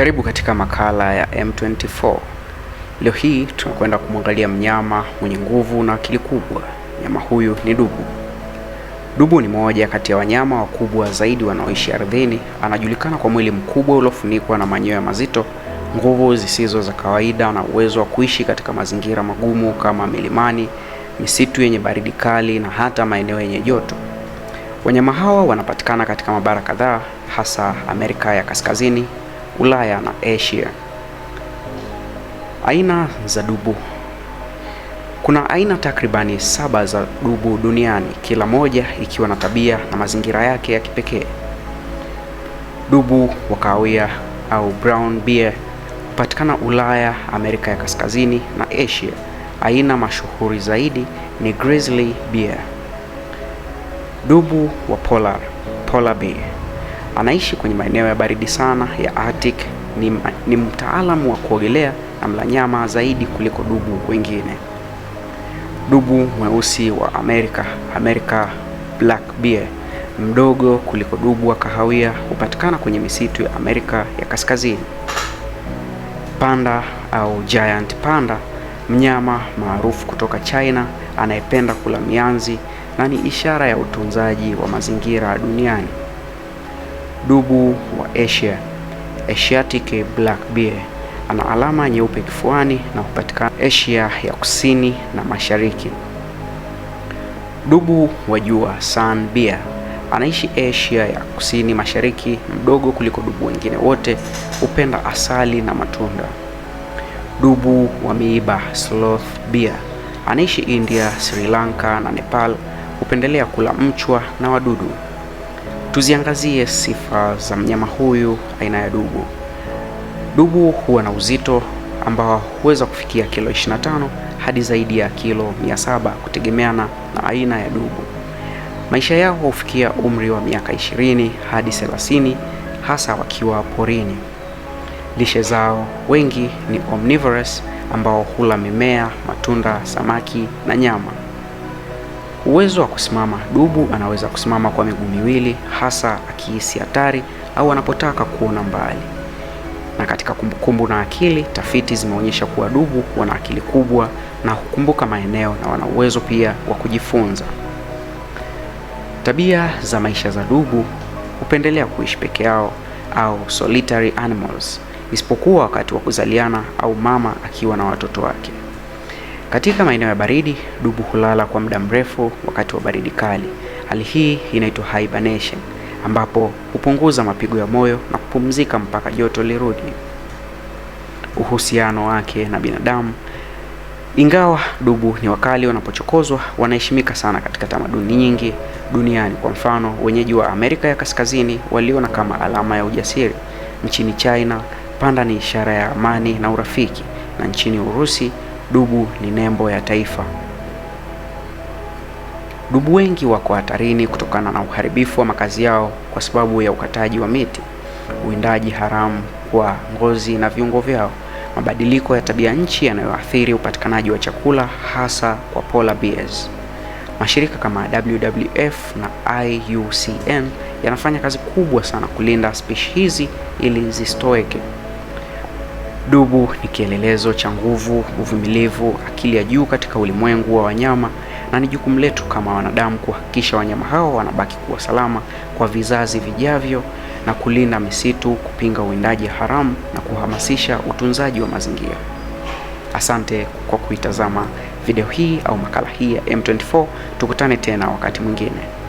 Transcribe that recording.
Karibu katika makala ya M24. Leo hii tunakwenda kumwangalia mnyama mwenye nguvu na akili kubwa. Mnyama huyu ni dubu. Dubu ni moja kati ya wanyama wakubwa zaidi wanaoishi ardhini. Anajulikana kwa mwili mkubwa uliofunikwa na manyoya mazito, nguvu zisizo za kawaida, na uwezo wa kuishi katika mazingira magumu kama milimani, misitu yenye baridi kali, na hata maeneo yenye joto. Wanyama hawa wanapatikana katika mabara kadhaa, hasa Amerika ya Kaskazini, Ulaya na Asia. Aina za dubu. Kuna aina takribani saba za dubu duniani, kila moja ikiwa na tabia na mazingira yake ya kipekee. Dubu wa kahawia au brown bear hupatikana Ulaya, Amerika ya Kaskazini na Asia. Aina mashuhuri zaidi ni grizzly bear. Dubu wa polar, polar bear anaishi kwenye maeneo ya baridi sana ya Arctic. Ni, ni mtaalamu wa kuogelea na mla nyama zaidi kuliko dubu wengine. Dubu mweusi wa Amerika, America Black Bear, mdogo kuliko dubu wa kahawia, hupatikana kwenye misitu ya Amerika ya Kaskazini. Panda au giant panda, mnyama maarufu kutoka China anayependa kula mianzi na ni ishara ya utunzaji wa mazingira duniani. Dubu wa Asia Asiatic Black Bear ana alama nyeupe kifuani na hupatikana Asia ya Kusini na Mashariki. Dubu wa jua Sun Bear anaishi Asia ya Kusini Mashariki, mdogo kuliko dubu wengine wote, hupenda asali na matunda. Dubu wa miiba Sloth Bear anaishi India, Sri Lanka na Nepal, hupendelea kula mchwa na wadudu. Tuziangazie sifa za mnyama huyu aina ya dubu. Dubu huwa na uzito ambao huweza kufikia kilo 25 hadi zaidi ya kilo 700 kutegemeana na aina ya dubu. Maisha yao hufikia umri wa miaka 20 hadi 30 hasa wakiwa porini. Lishe zao wengi ni omnivorous ambao hula mimea, matunda, samaki na nyama. Uwezo wa kusimama. Dubu anaweza kusimama kwa miguu miwili, hasa akihisi hatari au anapotaka kuona mbali. Na katika kumbukumbu na akili, tafiti zimeonyesha kuwa dubu wana akili kubwa na hukumbuka maeneo na wana uwezo pia wa kujifunza. Tabia za maisha za dubu hupendelea kuishi peke yao au solitary animals, isipokuwa wakati wa kuzaliana au mama akiwa na watoto wake. Katika maeneo ya baridi, dubu hulala kwa muda mrefu wakati wa baridi kali. Hali hii inaitwa hibernation, ambapo hupunguza mapigo ya moyo na kupumzika mpaka joto lirudi. Uhusiano wake na binadamu ingawa dubu ni wakali wanapochokozwa, wanaheshimika sana katika tamaduni nyingi duniani. Kwa mfano, wenyeji wa Amerika ya Kaskazini waliona kama alama ya ujasiri. Nchini China, panda ni ishara ya amani na urafiki, na nchini Urusi dubu ni nembo ya taifa. Dubu wengi wako hatarini kutokana na uharibifu wa makazi yao kwa sababu ya ukataji wa miti, uwindaji haramu kwa ngozi na viungo vyao, mabadiliko ya tabia nchi yanayoathiri upatikanaji wa chakula hasa kwa polar bears. Mashirika kama WWF na IUCN yanafanya kazi kubwa sana kulinda spishi hizi ili zisitoweke. Dubu ni kielelezo cha nguvu, uvumilivu, akili ya juu katika ulimwengu wa wanyama na ni jukumu letu kama wanadamu kuhakikisha wanyama hao wanabaki kuwa salama kwa vizazi vijavyo na kulinda misitu, kupinga uwindaji haramu na kuhamasisha utunzaji wa mazingira. Asante kwa kuitazama video hii au makala hii ya M24. Tukutane tena wakati mwingine.